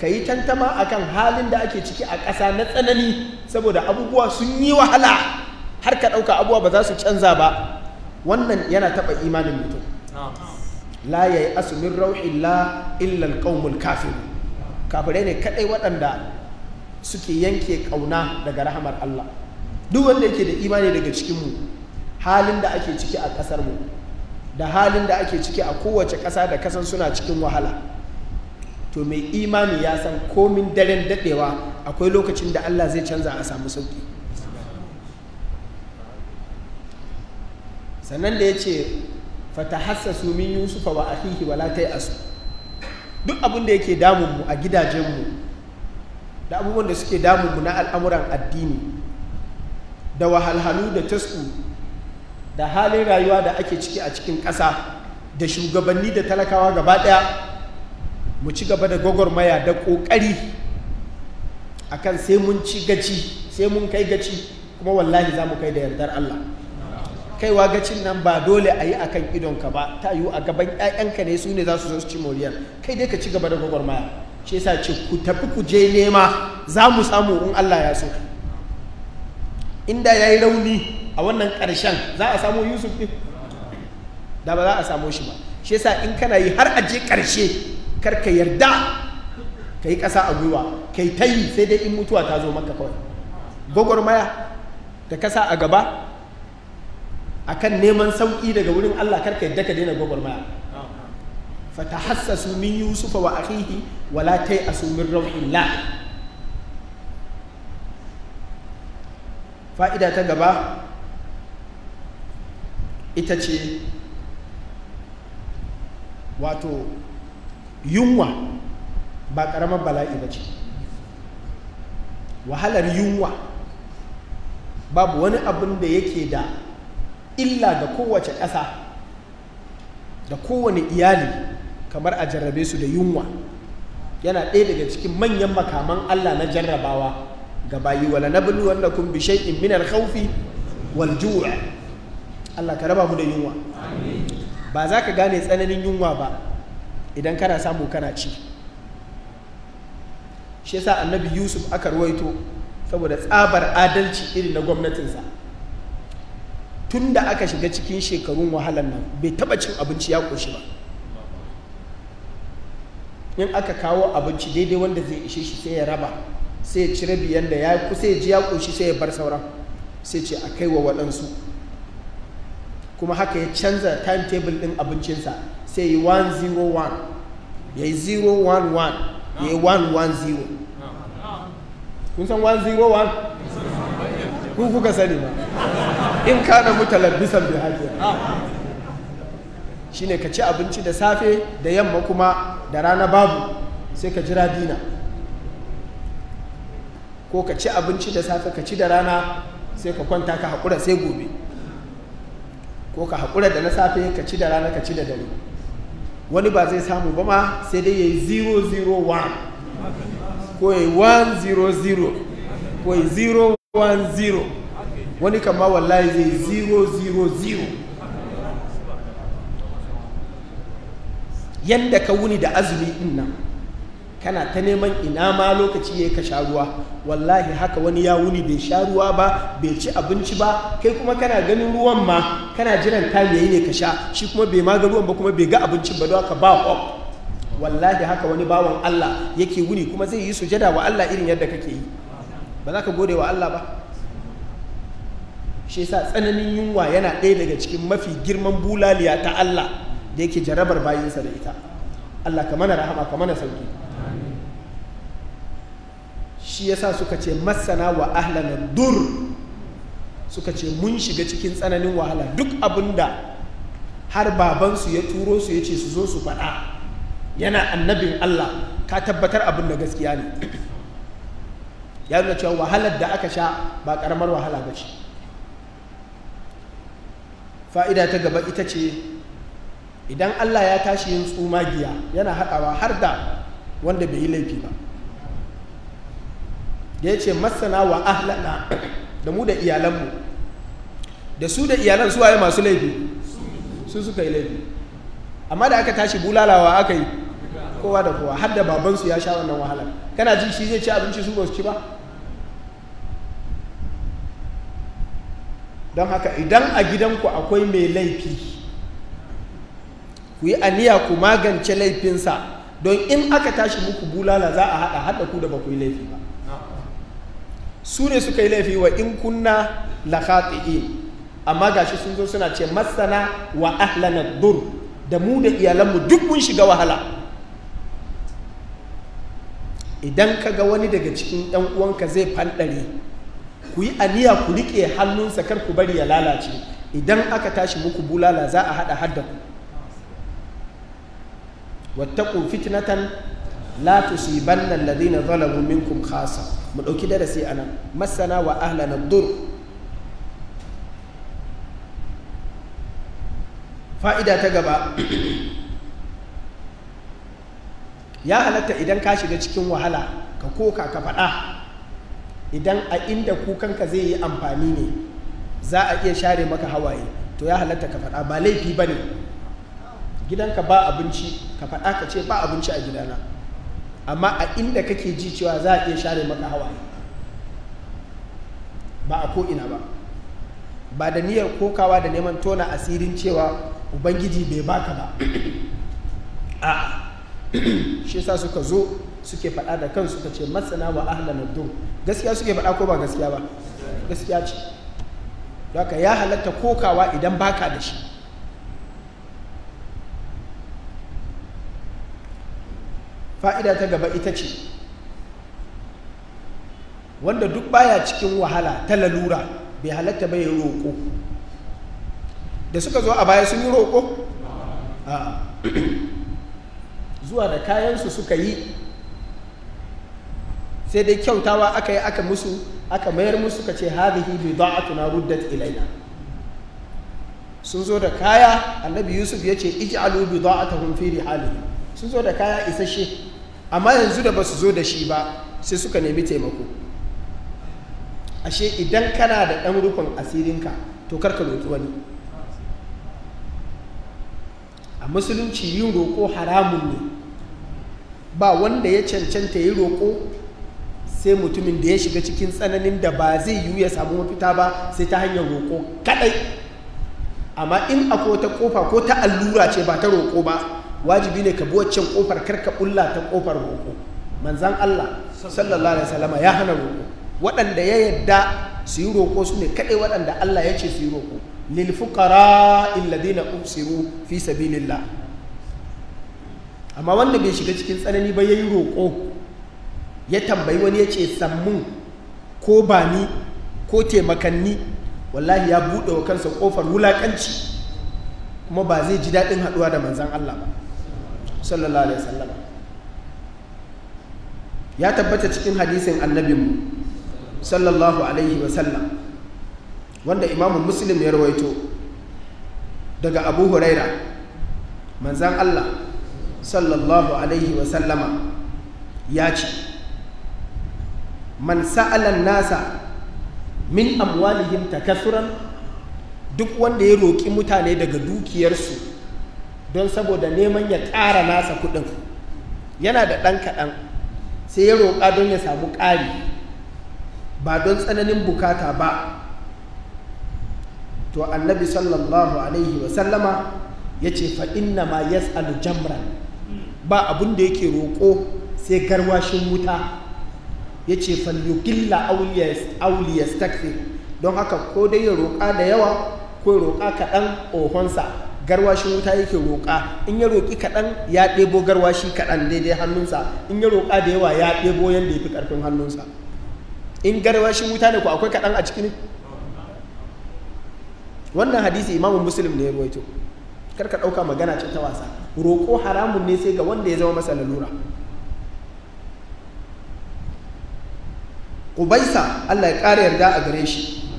Speaker 1: ka yi tantama kan halin da ake ciki a ƙasa na tsanani saboda abubuwa sun yi wahala har ka ɗauka abubuwa ba za su canza ba wannan yana taɓa imanin mutum la ya yi asumin rauhin la illal ƙaumul kafin kafirai ne kaɗai waɗanda suke yanke ƙauna daga rahamar Allah duk wanda yake da imani daga cikinmu halin da ake ciki a ƙasarmu da halin da ake ciki a kowace ƙasa da kasan suna cikin wahala to mai imani ya san komin daren daɗewa akwai lokacin da Allah zai canza a samu sauƙi sannan da ya ce fata su min yusufa wa ahihi wa latai asu duk abin da yake damunmu a gidajenmu da abubuwan da suke damunmu na al'amuran addini da wahalhalu da tasku da halin rayuwa da ake ciki a cikin ƙasa da shugabanni da talakawa gaba ɗaya mu ci gaba da gwagwarmaya da ƙoƙari kan sai mun ci gaci sai mun kai gaci kuma wallahi za mu kai da yardar Allah kaiwa gacin nan ba dole a yi a kan idonka ba ta yiwu a gaban 'ya'yanka ne su ne za su zo su ci moriyar kai dai ka ci gaba da gwagwarmaya shi yasa ce ku tafi ku je nema za mu samu in Allah ya so inda ya yi rauni a wannan ƙarshen za a samu yusuf ɗin da ba za a samu shi ba shi yasa in kana yi har a je ƙarshe kar ka yarda ka yi ƙasa a gwiwa ka yi ta yi sai dai in mutuwa ta zo maka kawai gwagwarmaya da kasa a gaba a kan neman sauƙi daga wurin Allah karka yadda ka daina gwagwarmaya fata su min yusufa wa akhihi wala a sumin min la. fa'ida ta gaba ita ce wato yunwa ba ƙaramar bala'i ba ce wahalar yunwa babu wani abin da yake da illa da kowace ƙasa da kowane iyali kamar a jarrabe su da yunwa yana ɗaya daga cikin manyan makaman Allah na jarrabawa ga bayi wala wanda kun bi shay'in min minar haufi wal Allah ka raba mu da yunwa ba za ka gane tsananin yunwa ba idan kana samu kana ci shi yasa annabi yusuf aka ruwaito saboda tsabar adalci irin na gwamnatinsa tun da aka shiga cikin shekarun wahalan nan bai taba cin abinci ya ƙoshi ba in aka kawo abinci daidai wanda zai ishe shi sai ya raba sai ya ci rabi yadda ya kusa ya ji ya ƙoshi sai ya bar sauran sai ce a kai wa waɗansu kuma haka ya canza timetable ɗin abincinsa sai yi 101 ya yi 011 ya yi 110 kun san 101 ku kuka sani ba in kana mutalabbisan bi Shi shine ka ci abinci da safe da yamma kuma da rana babu sai ka jira dina ko ka ci abinci da safe ka ci da rana sai ka kwanta ka haƙura sai gobe ko ka haƙura da na safe ka ci da rana ka ci da dare wani ba zai samu ba ma sai dai ya yi 001 ko ya yi 100 ko ya yi 010 wani kama wallahi zai yi 000 yadda ka wuni da azumi din nan kana ta neman ina ma lokaci ya yi ka sha ruwa wallahi haka wani ya wuni bai sha ruwa ba bai ci abinci ba kai kuma kana ganin ruwan ma kana jiran ta yayi ne ka sha shi kuma bai ma ga ruwan ba kuma bai ga abincin ba don haka ba ko wallahi haka wani bawan Allah yake wuni kuma zai yi sujada wa Allah irin yadda kake yi ba za ka gode wa Allah ba shi yasa tsananin yunwa yana ɗaya daga cikin mafi girman bulaliya ta Allah da yake jarabar bayinsa da ita Allah ka mana rahama ka mana sauki shi yasa suka ce masana wa ahlana dur suka ce mun shiga cikin tsananin wahala duk abinda har babansu ya turo su ya ce su zo su faɗa yana annabin Allah ka tabbatar abin da gaskiya ne ya nuna cewa wahalar da aka sha ba ƙaramar wahala ba ce fa'ida ta gaba ita ce idan Allah ya tashi yin tsumagiya yana haɗawa har da wanda bai yi laifi ba da ya ce masana wa ahlana [COUGHS] da mu da iyalanmu da su da iyalan su waye masu laifi su suka yi laifi amma da aka tashi bulalawa aka yi kowa da kowa har da babansu ya sha wannan wahala kana ji shi zai ci abinci su ba su ci ba don haka idan a gidanku akwai mai laifi ku yi aniya ku magance laifinsa don in aka tashi muku bulala za a haɗa haɗa ku da ba ku yi laifi ba su ne suka yi laifi wa in kunna la khati'in amma gashi sun zo suna ce masana wa ahlana dur da mu da iyalanmu duk mun shiga wahala idan ka ga wani daga cikin ɗan uwanka zai fanɗare ku yi aniya ku rike hannunsa kar ku bari ya lalace idan aka tashi muku bulala za a haɗa hadda ku ku fitnatan la tusibanna alladhina zalamu minkum khasa mu ɗauki darasi a nan masana wa ahlana dur fa'ida ta gaba [CLEARS THROAT] ya halatta idan ka shiga cikin wahala ka koka ka faɗa idan a inda kukanka zai yi amfani ne za a iya share maka hawaye to ya halatta ka faɗa ba laifi ba ne gidanka ba abinci ka faɗa ka ce ba abinci a gidana amma a inda kake ji cewa za a iya share maka hawaye ba a ko'ina ba ba da niyyar kokawa da neman tona asirin cewa ubangiji bai baka ba [COUGHS] a [COUGHS] shi sa suka zo suke faɗa da kansu suka ce matsana wa ahlan gaskiya suke faɗa ko ba gaskiya ba gaskiya ce ya halatta kokawa idan baka da shi fa'ida ta gaba ita ce wanda duk baya cikin wahala ta lalura bai halatta bai roƙo da suka zo a baya sun yi roƙo [CLEARS THROAT] zuwa da kayansu suka yi sai dai kyautawa aka yi aka musu aka mayar musu ka ce hadhihi bida'atu na ruddat ilaina sun zo da kaya annabi yusuf ya ce ij'alu bida'atahum fi rihalihim sun zo da kaya isasshe amma yanzu da ba su zo da shi ba sai suka nemi taimako ashe idan kana da ɗan rufin asirinka to karka roƙi wani a musulunci yin roƙo haramun ne ba wanda ya cancanta yi roƙo sai mutumin da ya shiga cikin tsananin da ba zai yiwu ya samu mafita ba sai ta hanyar roƙo kaɗai amma in akwai ta ƙofa ko ta allura ce ba ta roƙo ba wajibi ne ka bi waccan kofar karka bulla ta kofar roƙo manzan Allah sallallahu alaihi wasallama ya hana roƙo waɗanda ya yadda su yi roƙo su ne kaɗai waɗanda Allah ya ce su yi roƙo lil fuqara alladhina umsiru fi sabilillah amma wanda bai shiga cikin tsanani ba yayi roƙo ya tambayi wani ya ce sammun ko bani ko taimakanni wallahi ya buɗe wa kansa ƙofar wulaƙanci kuma ba zai ji daɗin haɗuwa da manzan Allah ba sallallahu alaihi wasallam ya tabbata cikin hadisin annabinmu sallallahu alaihi wasallam wanda imamu muslim ya rawaito daga abu huraira manzan allah sallallahu alaihi wasallama ya ce man sa'alan nasa min amwalihim takasuran duk wanda ya roƙi mutane daga dukiyarsu don saboda neman ya ƙara nasa kuɗin yana da ɗan kaɗan sai ya roƙa don ya samu ƙari ba don tsananin bukata ba to annabi sallallahu alaihi wasallama ya ce fa fa'inna ma yas jamran ba abin da yake roƙo sai garwashin wuta ya ce gilla auliyas takfir don haka ko dai ya roƙa da yawa ko ya roƙa kaɗan ohonsa garwashin wuta yake roƙa in ya roƙi kaɗan ya ɗebo garwashi kaɗan daidai hannunsa in ya roƙa da yawa ya ɗebo yadda ya fi ƙarfin hannunsa in garwashin wuta ne ku akwai kaɗan a cikin wannan hadisi imamu muslim ne ya ruwaito karka ɗauka magana ce ta wasa roƙo haramun ne sai ga wanda ya zama masa lalura ubaisa allah ya ƙara yarda a gare shi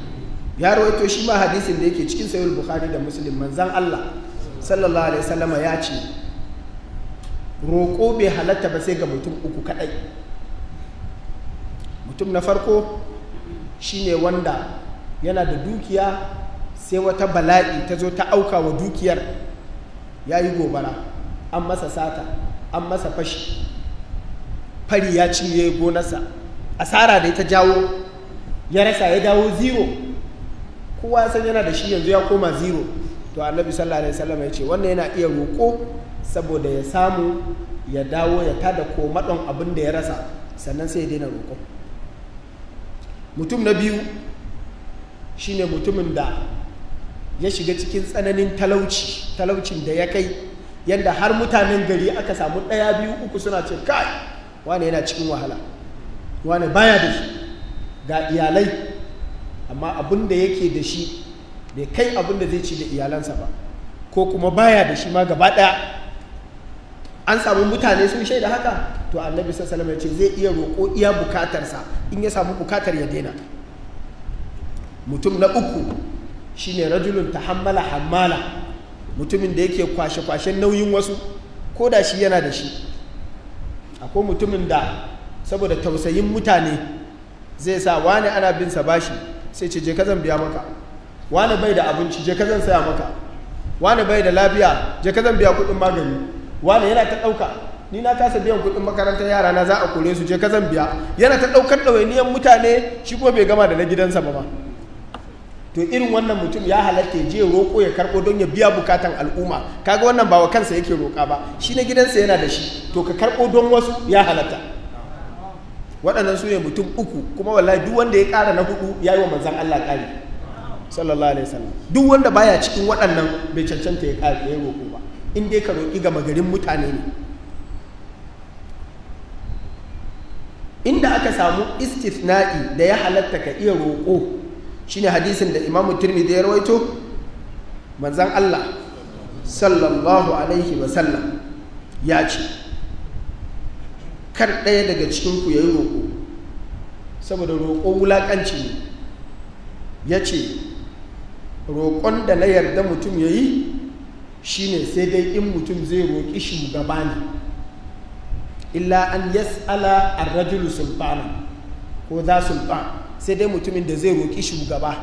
Speaker 1: ya rawaito shi ma hadisin da yake cikin sayul bukhari da muslim manzan Allah sallallahu alaihi wasallama ya ce roƙo bai halatta ba sai ga mutum uku kadai mutum na farko shine wanda yana da dukiya sai wata bala'i ta zo ta auka wa dukiyar ya yi gobara an masa sata an masa fashi fari ya cinye gonarsa asara da ta jawo ya rasa ya dawo zero kowa san yana da shi yanzu ya koma zero to annabi sallallahu alaihi wasallam ya ce wannan yana iya roƙo saboda ya samu ya dawo ya tada ko madon abin da ya rasa sannan sai ya daina roƙo mutum na biyu shine mutumin da ya shiga cikin tsananin talauci talaucin da ya kai yadda har mutanen gari aka samu ɗaya biyu uku suna ce kai wane yana cikin wahala wane baya da ga iyalai amma abin da yake da shi bai kai abin da zai ci da iyalansa ba ko kuma baya da shi ma gaba ɗaya an samu mutane sun shaida haka to annabi sallallahu alaihi ya ce zai iya roko iya bukatarsa in ya samu bukatar ya daina mutum na uku shine rajulun ta hammala hammala mutumin da yake kwashe-kwashen nauyin wasu ko da shi yana da shi akwai mutumin da saboda tausayin mutane zai sa wani ana bin sa bashi sai ce je ka zan biya maka wani bai da abinci je ka zan saya maka wani bai da lafiya je ka zan biya kuɗin magani wani yana ta ɗauka ni na kasa biyan kuɗin makarantar yara na za a kore su je ka zan biya yana ta ɗaukar ɗawainiyar mutane shi kuma bai gama da na gidansa ba ba to irin wannan mutum ya halatta ya je roko ya karɓo don ya biya bukatan al'umma kaga wannan ba wa kansa yake roka ba shi na gidansa yana da shi to ka karɓo don wasu ya halatta waɗannan su ne mutum uku kuma wallahi duk wanda ya kara na hudu ya yi wa manzan Allah ƙari sallallahu alaihi wasallam duk wanda baya cikin waɗannan bai cancanta ya ƙari ya roƙo ba in dai ka roƙi gama garin mutane ne inda aka samu istithna'i da ya halatta ka iya roƙo shine hadisin da Imam Tirmidhi ya rawaito manzan Allah sallallahu alaihi wasallam ya ce kar ɗaya daga cikin ku yayi roƙo saboda roƙo wulaƙanci ne ya ce roƙon da na yarda mutum ya yi shi ne sai dai in mutum zai roƙi shugaba ne illa an yas'ala ar-rajulu sultana ko za sultan sai dai mutumin da zai roƙi shugaba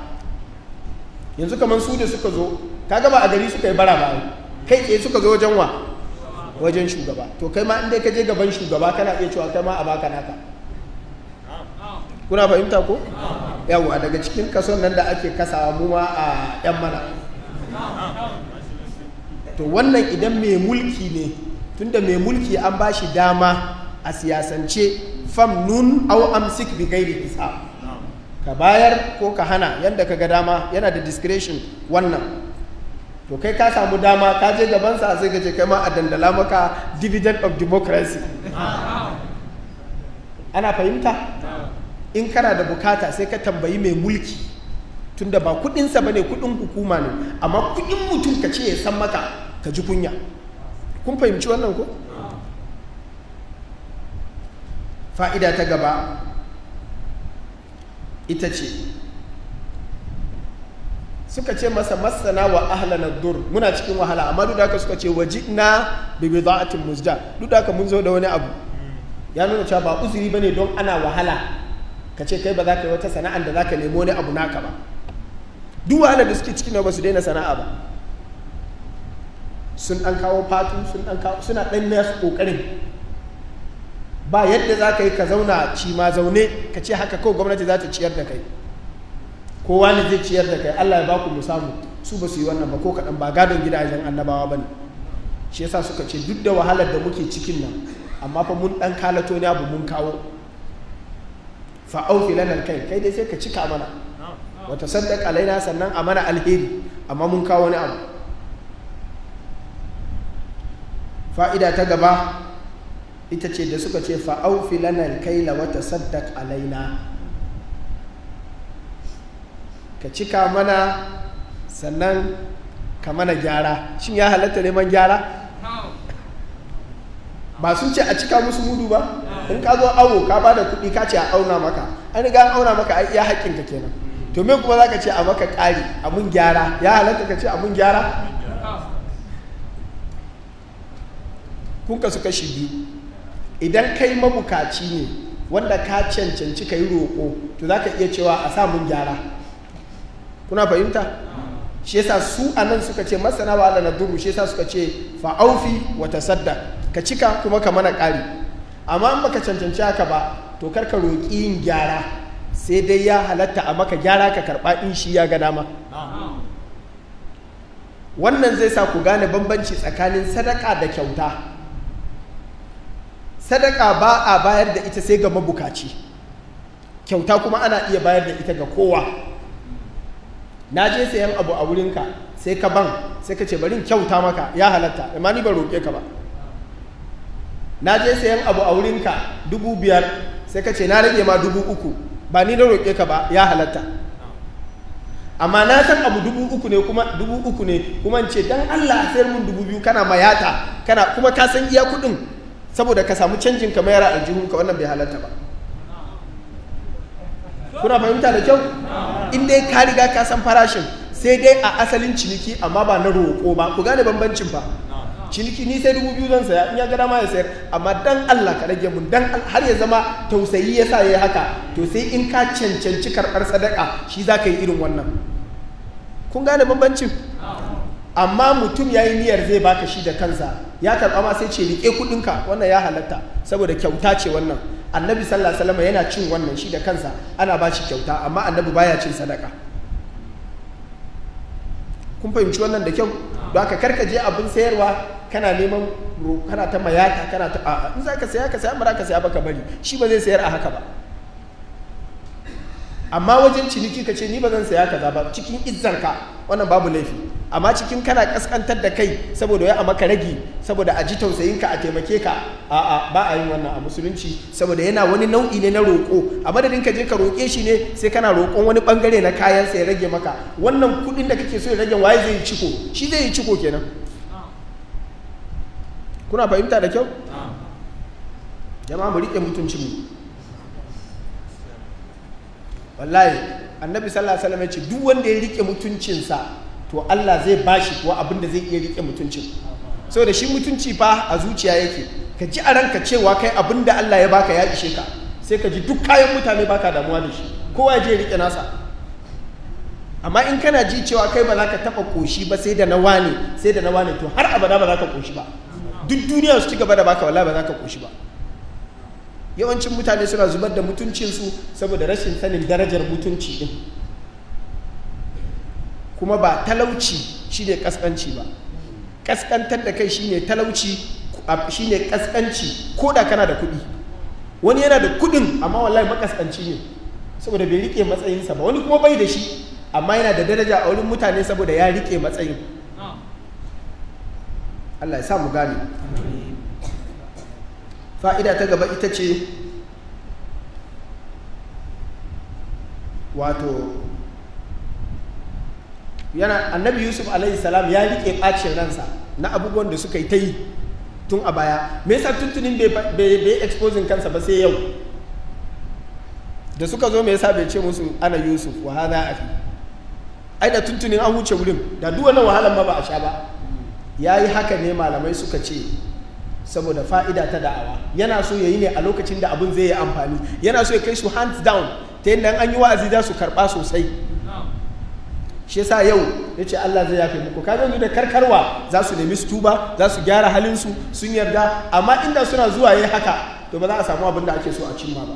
Speaker 1: yanzu kamar su da suka zo ta gaba a gari suka yi bara ba kai ke suka zo wajen wa wajen shugaba to kai ma inda ka je gaban shugaba kana iya cewa kai ma a baka naka kuna fahimta ko yawwa daga cikin kason nan da ake kasawa mu ma a yan mana to wannan idan mai mulki ne tunda mai mulki an ba shi dama a siyasance fam nun au amsik bi gairi isa ka bayar ko ka hana yanda ka ga dama yana da discretion wannan to kai ka samu dama ka je sa sai ka ce kai ma a dandala maka dividend of democracy ana fahimta in kana da bukata sai ka tambayi mai mulki tunda ba kudinsa ne kudin hukuma ne amma kudin mutum ka ce ya san maka ka ji kunya kun fahimci wannan ko fa'ida ta gaba ita ce suka ce masa masana wa ahlana dur muna cikin wahala amma duk da haka suka ce za bi bida'atin musja duk da haka mun zo da wani abu ya nuna cewa ba uzuri bane don ana wahala ka ce kai ba za ka yi wata sana'a da za ka nemo wani abu naka ba duk wahala da suke cikin ba su daina sana'a ba sun dan kawo fatu sun dan kawo suna dan nasu kokarin ba yadda za ka yi ka zauna cima zaune ka ce haka kawai gwamnati za ta ciyar da kai kowa ne zai ciyar da kai Allah ya ba ku musamu su ba su yi wannan ba ko kaɗan ba gadon gidajen annabawa ba ne shi yasa suka ce duk da wahalar da muke cikin nan amma fa mun ɗan kalato ne abu mun kawo fa'aufi lanar kai kai dai sai ka cika mana wata saddaka alaina sannan a mana alheri amma mun kawo wani abu fa'ida ta gaba ita ce da suka ce fa'aufi lanar kai la wata saddaka alaina ka cika mana sannan ka mana gyara shin ya halatta neman gyara ba sun ce a cika musu mudu ba in ka zo awo ka ba da kuɗi ka ce a auna maka an riga an auna maka iya ka kenan to me kuma za ka ce a maka ƙari abun gyara ya halatta ka ce abun gyara kun su kashi biyu idan kai mabukaci ne wanda ka cancanci ka yi roƙo to za ka iya cewa a sa mun gyara kuna fahimta shi yasa su anan suka ce masana wa Allah duru shi yasa suka ce fa aufi wa tasadda ka cika kuma ka mana ƙari amma in baka cancanci haka ba to kar ka roƙi yin gyara sai dai ya halatta a maka gyara ka karɓa in shi ya ga dama wannan zai sa ku gane bambanci tsakanin sadaka da kyauta sadaka ba a bayar da ita sai ga mabukaci kyauta kuma ana iya bayar da ita ga kowa na je sayan abu a wurinka sai ka ban sai ka ce bari in kyauta maka ya halatta amma ni ba roƙe ka ba na je sayan abu a wurinka dubu biyar sai ka ce na rage ma dubu uku ba ni na roƙe ka ba ya halatta amma na san abu dubu uku ne kuma dubu uku ne kuma ce dan Allah a sayar mun dubu biyu kana mayata kana kuma ka san iya kuɗin saboda ka samu canjin ka mayar aljihunka wannan bai halatta ba kuna fahimta da kyau in dai ka riga ka san farashin sai dai a asalin ciniki amma ba na roƙo ba ku gane bambancin ba ciniki ni sai dubu biyu zan saya in ya gada ma ya sayar amma dan Allah ka rage mun dan har ya zama tausayi ya sa ya yi haka to sai in ka cancanci karɓar sadaka shi za ka yi irin wannan kun gane bambancin amma mutum ya yi niyyar zai baka shi da kansa ya karɓa ma sai ce riƙe kuɗinka wannan ya halatta saboda kyauta ce wannan annabi sallallahu alaihi wasallam yana cin wannan shi da kansa ana ba shi kyauta amma annabi baya cin sadaka kun fahimci wannan da kyau ba ka karkaje abin sayarwa kana neman kana ta mayaka kana ta a'a in za ka saya ka saya ba za ka saya ba ka bari shi ba zai sayar a haka ba amma wajen ciniki ka ce ni ba zan saya kaza ba cikin izzarka wannan babu laifi amma cikin kana kaskantar da kai saboda ya a maka ragi saboda a ji tausayin ka a taimake ka a'a ba a yin wannan a musulunci saboda yana wani nau'i ne na roƙo a madadin ka je ka roƙe shi ne sai kana roƙon wani bangare na kayan ya rage maka wannan kuɗin da kake so ya rage waye zai yi ciko shi zai yi ciko kenan kuna fahimta da kyau jama'a mu riƙe mu. wallahi annabi sallallahu alaihi wasallam ya ce duk wanda ya rike mutuncinsa to Allah zai bashi ko abin da zai iya rike mutuncin so da shi mutunci fa a zuciya yake ka ji a ranka cewa kai abin da Allah ya baka ya ishe ka sai ka ji duk kayan mutane baka damuwa da shi kowa ya je rike nasa amma in kana ji cewa kai ba za ka taɓa koshi ba sai da na wane sai da na wane to har abada ba za ka koshi ba duk duniya su ci gaba da baka wallahi ba za ka koshi ba yawancin mutane suna zubar da mutuncinsu saboda rashin sanin darajar mutunci din kuma ba talauci shine kaskanci ba kaskantar da kai shine talauci shine kaskanci ko da kana da kuɗi wani yana da kuɗin amma wallahi makaskanci ne saboda bai rike matsayinsa ba wani kuma bai da shi amma yana da daraja a wurin mutane saboda ya rike matsayin Allah ya sa mu gane fa'ida ta gaba ita ce wato yana annabi yusuf salam ya rike ɓacin ransa na abubuwan da suka yi ta yi tun a baya me yasa tuntunin bai exposing kansa ba sai yau da suka zo me yasa bai ce musu ana yusuf wa a fi ai da tuntunin an wuce wurin da duk wani wahalan ma ba a sha ba Ya yi haka ne malamai suka ce saboda fa'ida ta da'awa yana so ya yi ne a lokacin da abin zai yi amfani yana so ya kai su hands down ta yadda an yi wa'azi za su karɓa sosai shi yasa yau ya ce Allah zai yafe muku kaga yanzu da karkarwa za su nemi su tuba za su gyara halinsu sun yarda amma inda suna zuwa yi haka to ba za a samu abin da ake so a cimma ba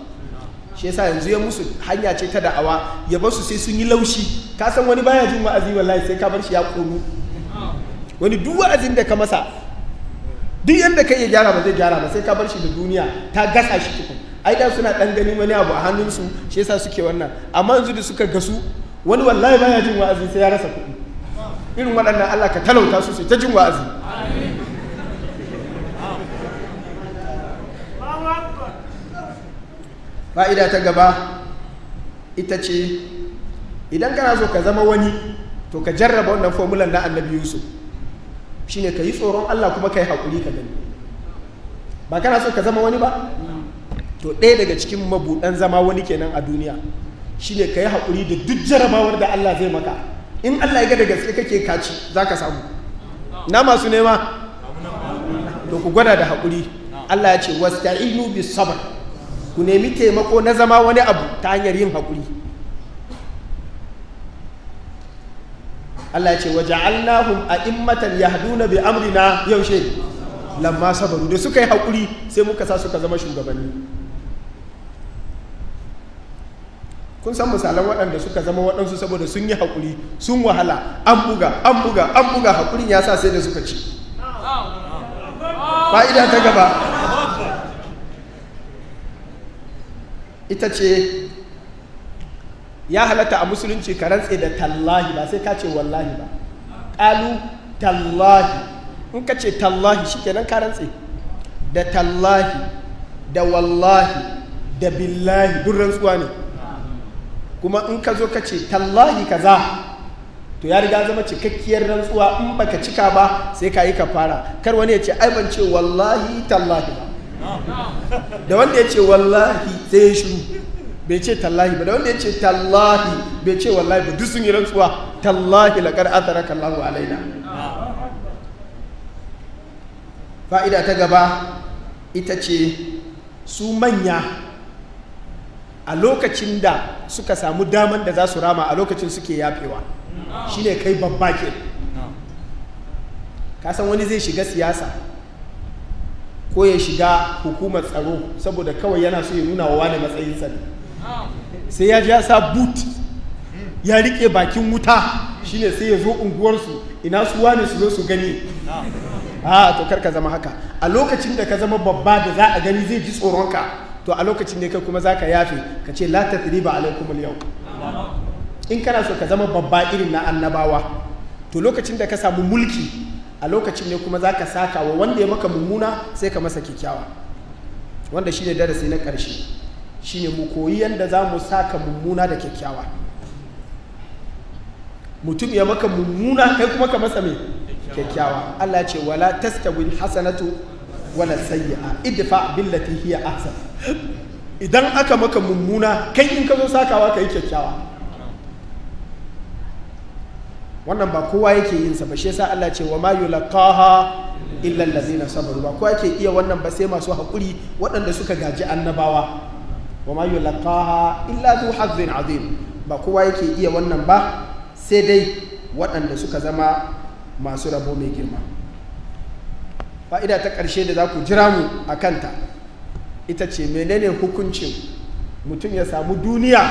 Speaker 1: shi yasa yanzu ya musu hanya ce ta da'awa ya bar su sai sun yi laushi ka san wani baya jin wa'azi wallahi sai ka bar shi ya komo wani duk wa'azin da ka masa duk yadda ka iya gyara ba zai gyara ba sai ka bar shi da duniya ta gasa shi tukun ai da suna dan gani wani abu a hannunsu shi yasa suke wannan amma yanzu da suka gasu wani wallahi baya jin wa'azi sai ya rasa kuɗi irin waɗannan Allah ka talauta su sai ta jin wa'azi fa'ida ta gaba ita ce idan kana so ka zama wani to ka jarraba wannan fomulan na annabi yusuf shine ka yi tsoron Allah kuma ka yi haƙuri ka gani ba kana so ka zama wani ba to ɗaya daga cikin mabuɗan zama wani kenan a duniya shine ka yi haƙuri da duk jarabawar da Allah zai maka in Allah ya ga da gaske kake kaci za ka samu na masu nema to ku gwada da haƙuri Allah ya ce wasta'inu bis sabr ku nemi taimako na zama wani abu ta hanyar yin haƙuri Allah ya ce ya haɗu na bi amri na yaushe lamma sabaru da suka yi hakuri sai muka sa suka zama shugabanni kun san misalan waɗanda suka zama waɗansu saboda sun yi hakuri sun wahala an buga an buga an buga hakurin ya sa sai da suka ci fa'ida ta gaba ita ce ya halatta a musulunci ka rantse da tallahi ba sai ka ce wallahi ba ƙalu tallahi in ka ce tallahi shikenan ka rantse da tallahi da wallahi da billahi duk rantsuwa ne kuma in ka zo ka ce tallahi kaza to ya riga zama cikakkiyar rantsuwa in baka cika ba sai ka yi fara kar wani ya ce ai ban ce wallahi tallahi ba da wanda ya ce wallahi sai ya shiru bai ce tallahi ba da wanda ya ce tallahi bai ce wallahi ba duk sun yi rantsuwa tallahi laqad atharaka alaina fa'ida ta gaba ita ce su manya a lokacin da suka samu daman da za su rama a lokacin suke yafewa shine kai babba ke ka san wani zai shiga siyasa ko ya shiga hukumar tsaro saboda kawai yana so ya nuna wa wani matsayin ne sai ya ja sa boot ya rike bakin wuta shine sai ya zo unguwarsu ina su wane su zo su gani a ah, to kar zama haka a lokacin da ka zama babba da za a gani zai ji tsoronka to a lokacin ne kai kuma za ka yafe ka ce la tathriba alaikum yau in kana so ka zama babba irin na annabawa to lokacin da ka samu mulki a lokacin ne kuma za ka saka wa wanda ya maka mummuna sai ka masa kyakkyawa wanda shine darasi na ƙarshe shine mu koyi yadda za mu saka mummuna da kyakkyawa mutum ya maka mummuna kai kuma ka masa mai kyakkyawa Allah ce wala tastawil hasanatu wala sayyi'a idfa billati hiya ahsan idan aka maka mummuna kai in ka zo sakawa kai kyakkyawa wannan ba kowa yake yin sa ba shi yasa Allah ce wa ma yulqaha illa allazina sabaru ba kowa yake iya wannan ba sai masu hakuri waɗanda suka gaji annabawa wa ma yulqaha illa zu hazzin azim ba kowa yake iya wannan ba sai dai waɗanda suka zama masu rabo mai girma fa'ida ta ƙarshe da za ku jira mu a kanta ita ce menene hukuncin mutum ya samu duniya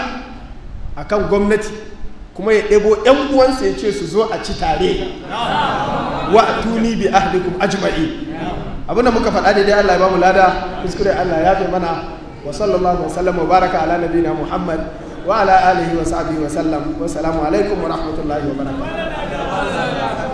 Speaker 1: a kan gwamnati kuma ya ɗebo 'yan uwansa ya ce su zo a ci tare wa a tuni bi ahlikum ajma'i abinda muka faɗa da dai Allah ya ba mu lada kuskure Allah ya fi mana وصلى الله وسلم وبارك على نبينا محمد وعلى آله وصحبه وسلم والسلام عليكم ورحمة الله
Speaker 2: وبركاته